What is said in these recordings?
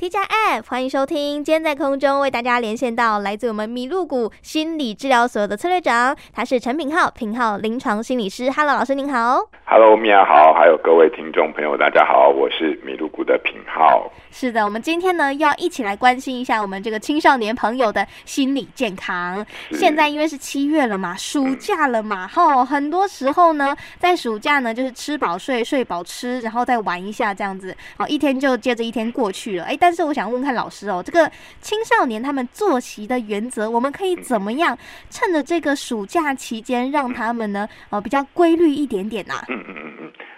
T 加 F 歡迎收聽，今天在空中為大家連線到來自我們米露谷心理治療所的策略長，他是陳品皓，品皓臨床，臨床心理師。Hello，老師您好。Hello，米亞好，還有各位聽眾朋友，大家好，我是米露谷的品皓。是的，我們今天呢，要一起來關心一下我們這個青少年朋友的心理健康。是現在因為是七月了嘛，暑假了嘛，哈、嗯，很多時候呢，在暑假呢，就是吃飽睡，睡飽吃，然後再玩一下這樣子，好，一天就接着一天過去了，哎，但但是我想問問看老師哦，這個青少年他們作息的原則，我們可以怎麼樣趁着這個暑假期間讓他們呢，呃比較規律一點點呢，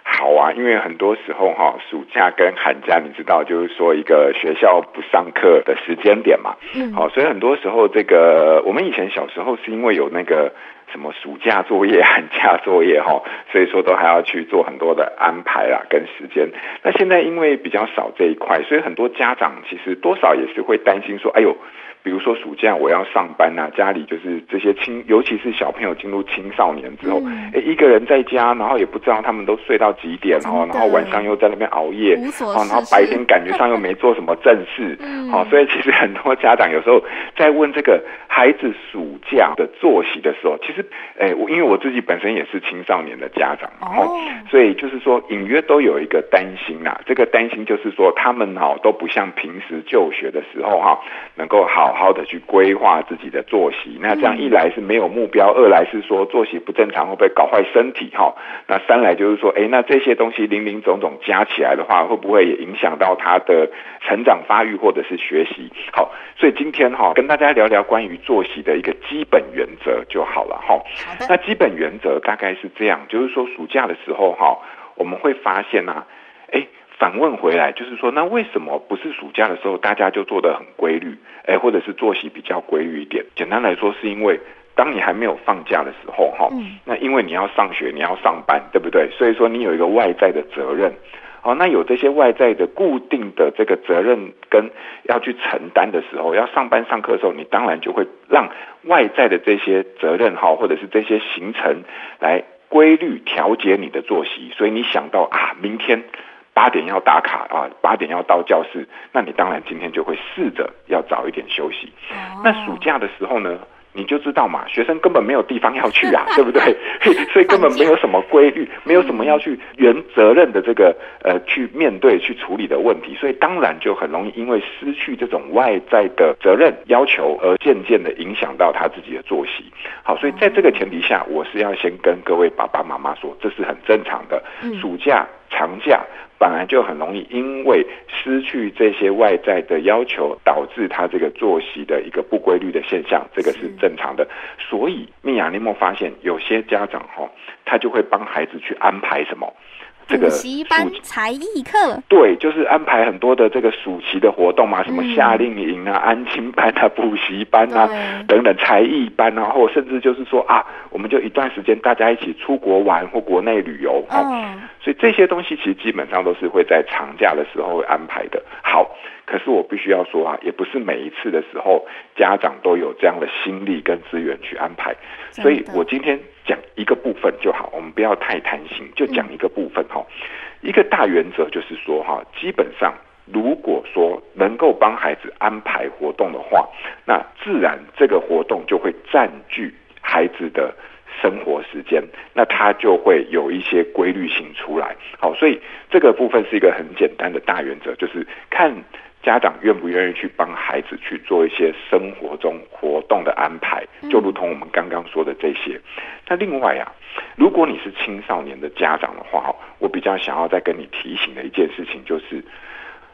啊？好啊，因為很多時候哈、啊，暑假跟寒假，你知道，就是說一個學校不上課的時間點嘛。好、嗯哦，所以很多時候這個我們以前小時候是因為有那個什麼暑假作業、寒假作業哈、哦，所以說都還要去做很多的安排啊跟時間。那現在因為比較少這一塊，所以很多家長其實多少也是會擔心說，哎呦。比如說暑假我要上班吶、啊，家裡就是這些青，尤其是小朋友進入青少年之後、嗯誒，一個人在家，然後也不知道他們都睡到幾點，然後然後晚上又在那邊熬夜，無所事事，然後白天感覺上又沒做什麼正事，好、嗯哦，所以其實很多家長有時候在問這個孩子暑假的作息的時候，其實，哎，因為我自己本身也是青少年的家長哦，所以就是說隱約都有一個擔心啦、啊，這個擔心就是說他們都不像平時就學的時候哈，能夠好。好好的去規劃自己的作息，那這樣一來是沒有目標，嗯、二來是說作息不正常會不會搞壞身體哈。那三來就是說，哎、欸，那這些東西零零總總加起來的話，會不會也影響到他的成長發育或者是學習？好，所以今天哈跟大家聊聊關於作息的一個基本原則就好了哈。好的。那基本原則大概是這樣，就是說暑假的時候哈，我們會發現啊。反問回來，就是說，那為什麼不是暑假的時候，大家就做得很規律，哎、欸，或者是作息比較規律一點？簡單來說，是因為當你還沒有放假的時候，哈、嗯，那因為你要上學，你要上班，對不對？所以說你有一個外在的責任，哦，那有這些外在的固定的這個責任跟要去承擔的時候，要上班上課的時候，你當然就會讓外在的這些責任哈，或者是這些行程來規律調節你的作息，所以你想到啊，明天。八點要打卡啊，八點要到教室。那你當然今天就會試着要早一點休息。Oh. 那暑假的時候呢，你就知道嘛，學生根本沒有地方要去啊， 對不對？ 所以根本沒有什麼規律， 嗯、沒有什麼要去原責任的這個呃，去面對去處理的問題。所以當然就很容易因為失去這種外在的責任要求，而漸漸的影響到他自己的作息。好，所以在這個前提下，Oh. 我是要先跟各位爸爸媽媽說，這是很正常的。嗯、暑假。長假本來就很容易，因為失去這些外在的要求，導致他這個作息的一個不規律的現象，這個是正常的。是所以，米雅尼莫發現有些家長哈、哦，他就會幫孩子去安排什麼。這個、補習班、蜀才藝課，對，就是安排很多的這個暑期的活動嘛，嗯、什麼夏令營啊、安親班啊、補習班啊對等等才藝班啊，或甚至就是說啊，我們就一段時間大家一起出國玩或國內旅遊、啊、哦。所以這些東西其實基本上都是會在長假的時候會安排的。好，可是我必須要說啊，也不是每一次的時候家長都有這樣的心力跟資源去安排，真的所以我今天。講一個部分就好，我們不要太貪心，就講一個部分。嗯。一個大原則就是說哈，基本上如果說能夠幫孩子安排活動的話，那自然這個活動就會占據孩子的生活時間，那他就會有一些規律性出來。好，所以這個部分是一個很簡單的大原則，就是看。家長願不願意去幫孩子去做一些生活中活動的安排，就如同我們剛剛說的這些。那另外啊，如果你是青少年的家長的話，我比較想要再跟你提醒的一件事情就是，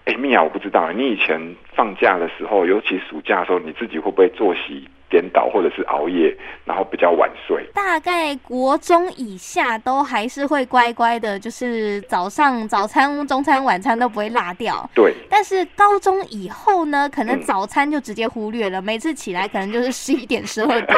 哎，米婭，我不知道你以前放假的時候，尤其暑假的時候，你自己會不會作息顛倒或者是熬夜，然後比較晚睡。大概國中以下都還是會乖乖的，就是早上早餐、中餐、晚餐都不會落掉。對。但是高中以後呢，可能早餐就直接忽略了，嗯、每次起來可能就是十一點、十二點。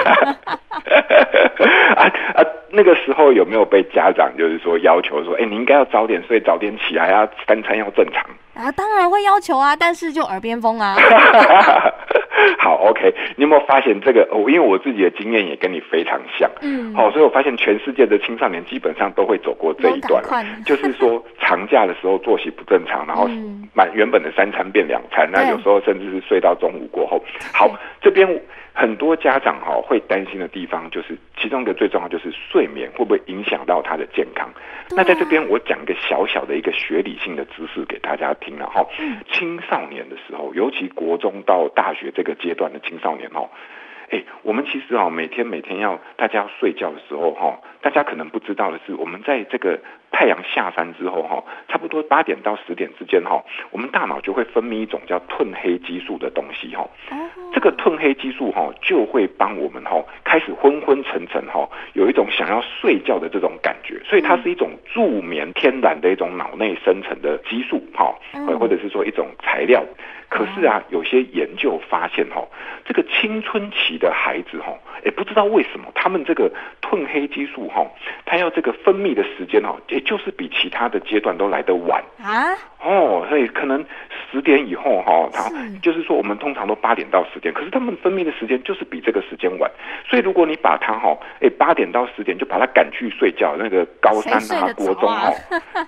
啊啊！那個時候有沒有被家長就是說要求說，哎、欸，你應該要早點睡，早點起來、啊，要三餐要正常。啊，當然會要求啊，但是就耳邊風啊。 好，OK，你有沒有發現這個？哦，因為我自己的經驗也跟你非常像，嗯，好，哦，所以我發現全世界的青少年基本上都會走過這一段，啊，就是說，長假的時候作息不正常，呵呵，然後滿原本的三餐變兩餐，嗯，那有時候甚至是睡到中午過後。對，好，這邊。很多家長哈會擔心的地方，就是其中一個最重要就是睡眠會不會影響到他的健康。那在這邊我講一個小小的一個學理性的知識給大家聽了、啊、哈。青少年的時候，尤其國中到大學這個階段的青少年哦、哎，我們其實啊每天每天要大家要睡覺的時候哈，大家可能不知道的是，我們在這個太陽下山之後哈，差不多八點到十點之間哈，我們大腦就會分泌一種叫褪黑激素的東西哈。這個褪黑激素哈、哦、就會幫我們哈、哦、開始昏昏沉沉哈、哦、有一種想要睡覺的這種感覺，所以它是一種助眠天然的一種腦內生成的激素哈，嗯、或者是說一種材料。可是啊，有些研究發現哈、哦，啊、這個青春期的孩子哈、哦，也不知道為什麼他們這個褪黑激素哈、哦，它要這個分泌的時間哈、哦，也就是比其他的階段都來得晚啊。哦，所以可能十點以後哈、哦，他是就是說我們通常都八點到十。可是他們分泌的時間就是比這個時間晚，所以如果你把他哈，哎、欸，八點到十點就把他趕去睡覺，那個高三啊、國中吼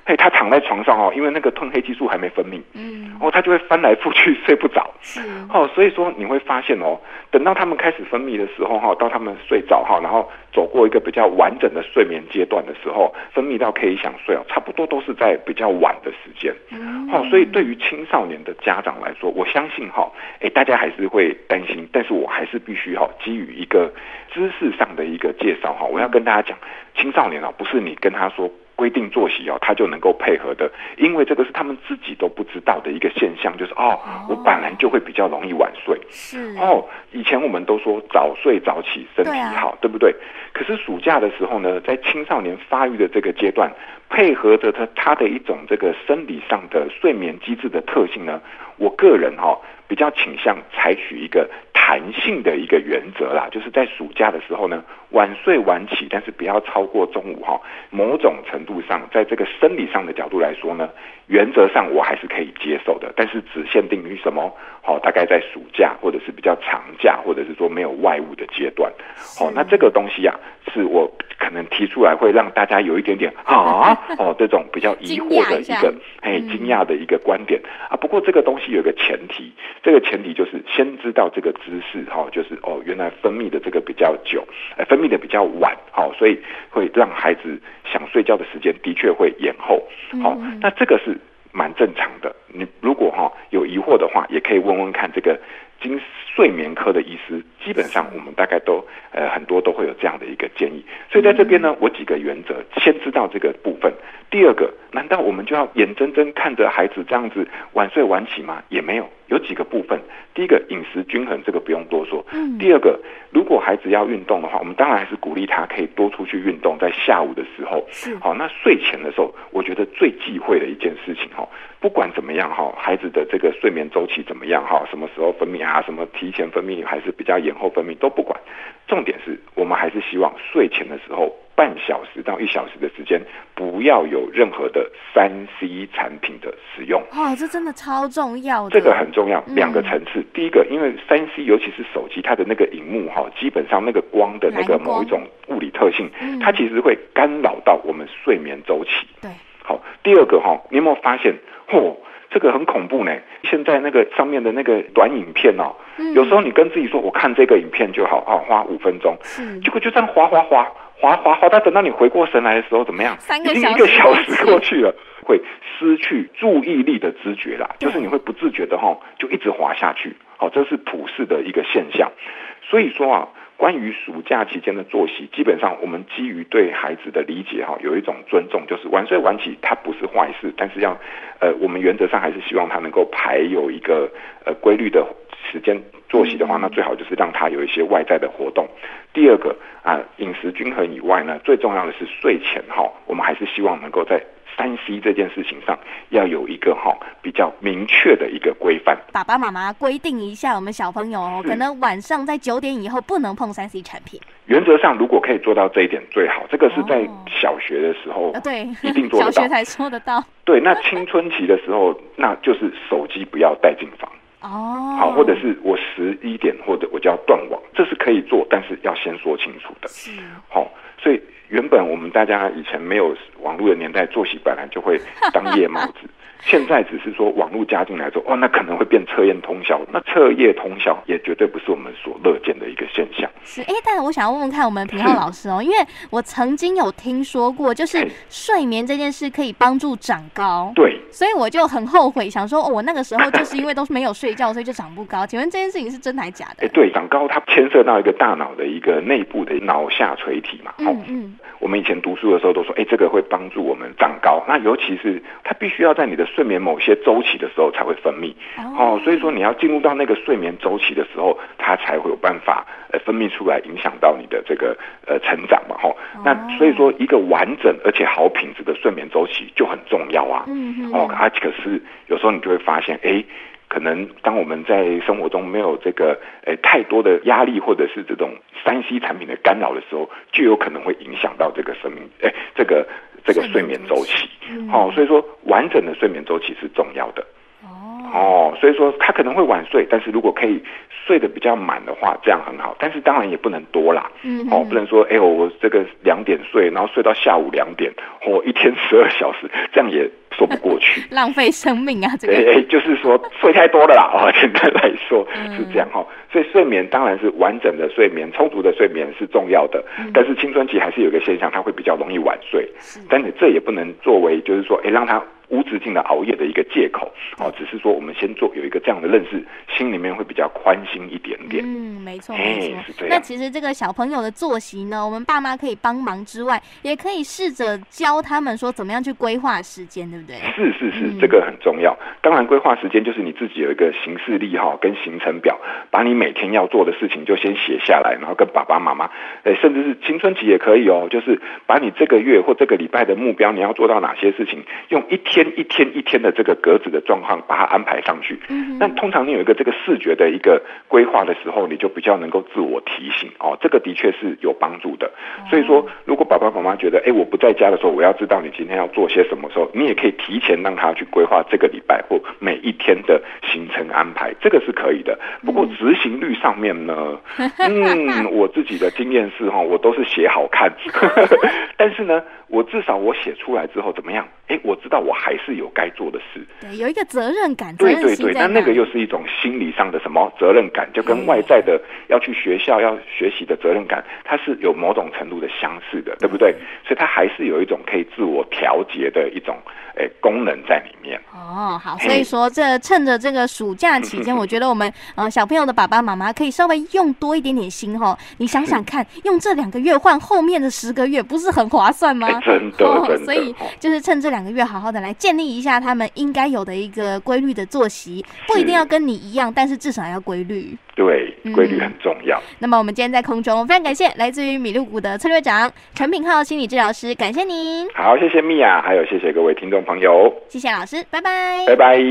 哎，他躺在床上吼，因為那個褪黑激素還沒分泌，嗯，哦，他就會翻來覆去睡不着，嗯是，好、哦，所以說你會發現哦，等到他們開始分泌的時候哈，到他們睡着哈，然後走過一個比較完整的睡眠階段的時候，分泌到可以想睡哦，差不多都是在比較晚的時間，嗯，好、哦，所以對於青少年的家長來說，我相信哈，哎、欸，大家還是會。擔心，但是我還是必須要給予一個知識上的一個介紹哈、啊，我要跟大家講，青少年啊，不是你跟他說。規定作息哦，他就能夠配合的，因為這個是他們自己都不知道的一個現象，就是哦，哦，我本來就會比較容易晚睡。是、啊、哦，以前我們都說早睡早起身體好，對，啊、對不對？可是暑假的時候呢，在青少年發育的這個階段，配合着他他的一種這個生理上的睡眠機制的特性呢，我個人哈、哦、比較傾向採取一個。彈性的一個原則啦，就是在暑假的時候呢，晚睡晚起，但是不要超過中午哈、哦。某種程度上，在這個生理上的角度來說呢，原則上我還是可以接受的。但是只限定於什麼？好、哦，大概在暑假或者是比較長假，或者是說沒有外務的階段。好、哦，那這個東西啊，是我可能提出來會讓大家有一點點啊哦這種比較疑惑的一個哎驚，驚訝的一個觀點、嗯、啊。不過這個東西有一個前提，這個前提就是先知道這個知識哈，就是哦，原來分泌的這個比較久，誒、呃，分泌的比較晚，好、哦，所以會讓孩子想睡覺的時間的確會延後，好、哦，嗯嗯那這個是蠻正常的。你如果哈、哦、有疑惑的話，也可以問問看這個經睡眠科的醫師。基本上我們大概都呃很多都會有這樣的一個建議，所以在這邊呢，嗯嗯我幾個原則，先知道這個部分。第二個，難道我們就要眼睜睜看着孩子這樣子晚睡晚起嗎？也沒有。有幾個部分，第一個飲食均衡，這個不用多說。嗯，第二個，如果孩子要運動的話，我們當然還是鼓勵他可以多出去運動，在下午的時候，好是、哦，那睡前的時候，我覺得最忌諱的一件事情哈、哦，不管怎麼樣哈，孩子的這個睡眠週期怎麼樣哈，什麼時候分泌啊，什麼提前分泌還是比較延後分泌都不管，重點是我們還是希望睡前的時候。半小時到一小時的時間，不要有任何的三 C 產品的使用。哇，這真的超重要的。這個很重要，兩、嗯、個層次。第一個，因為三 C 尤其是手機，它的那個螢幕哈，基本上那個光的那個某一種物理特性，藍光它其實會干擾到我們睡眠週期。對、嗯。好，第二個哈，你有沒有發現？嚯、哦！這個很恐怖呢，現在那個上面的那個短影片哦，嗯、有時候你跟自己說，我看這個影片就好啊，花五分鐘，是結果就這樣滑滑滑滑滑滑，但等到你回過神來的時候，怎麼樣？三個小時，已經一個小時過去了，會失去注意力的知覺啦，嗯、就是你會不自覺的哈、哦，就一直滑下去，好、啊，這是普世的一個現象，所以說啊。關於暑假期間的作息，基本上我們基於對孩子的理解哈，有一種尊重，就是晚睡晚起它不是壞事，但是要呃，我們原則上還是希望他能夠排有一個呃規律的時間作息的話，那最好就是讓他有一些外在的活動。嗯、第二個啊，飲食均衡以外呢，最重要的是睡前哈，我們還是希望能夠在。三 C 這件事情上要有一個齁比較明確的一個規範。爸爸媽媽規定一下，我們小朋友哦，可能晚上在九點以後不能碰三 C 產品。原則上，如果可以做到這一點最好。這個是在小學的時候，對，一定小學才說得到。對，那青春期的時候，那就是手機不要帶進房哦。好，或者是我十一點或者我就要斷網，這是可以做，但是要先說清楚的。是，好，所以。原本我們大家以前沒有網絡的年代，作息本來就會當夜貓子。 現在只是說網絡加進來之後，哦，那可能會變徹夜通宵。那徹夜通宵也絕對不是我們所樂見的一個現象。是哎、欸、但是我想要問問看，我們品皓老師哦，是因為我曾經有聽說過，就是睡眠這件事可以幫助長高。對，所以我就很後悔，想說哦，我那個時候就是因為都是沒有睡覺，所以就長不高。 請問這件事情是真的還是假的？誒、欸，對，長高它牽涉到一個大腦的一個內部的腦下垂體嘛。嗯、哦、嗯。嗯我們以前讀書的時候都說，哎，這個會幫助我們長高。那尤其是它必須要在你的睡眠某些周期的時候才會分泌哦，所以說你要進入到那個睡眠周期的時候，它才會有辦法呃分泌出來，影響到你的這個呃成長嘛吼、哦、那所以說一個完整而且好品質的睡眠周期就很重要啊。嗯嗯。哦，而、啊、可是有時候你就會發現，哎。可能當我們在生活中沒有這個誒太多的壓力或者是這種三 C 產品的干擾的時候，就有可能會影響到這個生命哎，這個這個睡眠周期。嗯、哦，所以說完整的睡眠周期是重要的。哦，哦，所以說他可能會晚睡，但是如果可以睡得比較滿的話，這樣很好。但是當然也不能多啦。嗯哼。哦，不能說哎呦我這個兩點睡，然後睡到下午兩點，或、哦、一天十二小時，這樣也說不過。 浪費生命啊！這個，欸欸、就是說睡太多了啦。 哦、簡單來說、嗯、是這樣哈。所以睡眠當然是完整的睡眠，充足的睡眠是重要的。嗯、但是青春期還是有個現象，他會比較容易晚睡。但是這也不能作為，就是說，哎，讓他。無止境的熬夜的一個借口哦，只是說我們先做有一個這樣的認識，心裡面會比較寬心一點點。嗯，沒錯，沒錯，欸、是這樣。那其實這個小朋友的作息呢，我們爸媽可以幫忙之外，也可以試着教他們說怎麼樣去規劃時間，對不對？是是是，是是嗯、這個很重要。當然，規劃時間就是你自己有一個行事曆哈、哦，跟行程表，把你每天要做的事情就先寫下來，然後跟爸爸媽媽，哎，甚至是青春期也可以哦，就是把你這個月或這個禮拜的目標，你要做到哪些事情，用一天。一天一天的這個格子的狀況，把它安排上去。嗯，那通常你有一個這個視覺的一個規劃的時候，你就比較能夠自我提醒哦。這個的確是有幫助的。所以說，如果爸爸媽媽覺得，哎，我不在家的時候，我要知道你今天要做些什麼時候，你也可以提前讓他去規劃這個禮拜或每一天的行程安排，這個是可以的。不過執行率上面呢，嗯，我自己的經驗是哈，我都是寫好看， 但是呢，我至少我寫出來之後怎麼樣？哎，我。到我還是有該做的事，對，有一個責任感，對對對，那那個又是一種心理上的什麼責任感，就跟外在的要去學校要學習的責任感，它是有某種程度的相似的，對不對？所以它還是有一種可以自我調節的一種。哎、欸，功能在裡面哦。好，所以說這趁着這個暑假期間，嗯、哼哼我覺得我們呃小朋友的爸爸媽媽可以稍微用多一點點心吼、哦，你想想看，是用這兩個月換後面的十個月，不是很划算嗎？欸、真的、哦、真的，所以就是趁這兩個月好好的來建立一下他們應該有的一個規律的作息，是不一定要跟你一樣，但是至少要規律。對，規律很重要。嗯。那麼我們今天在空中，非常感謝來自於米露谷的策略長陳品皓心理治療師，感謝您。好，謝謝米婭，還有謝謝各位聽眾朋友。謝謝老師，拜拜。拜拜。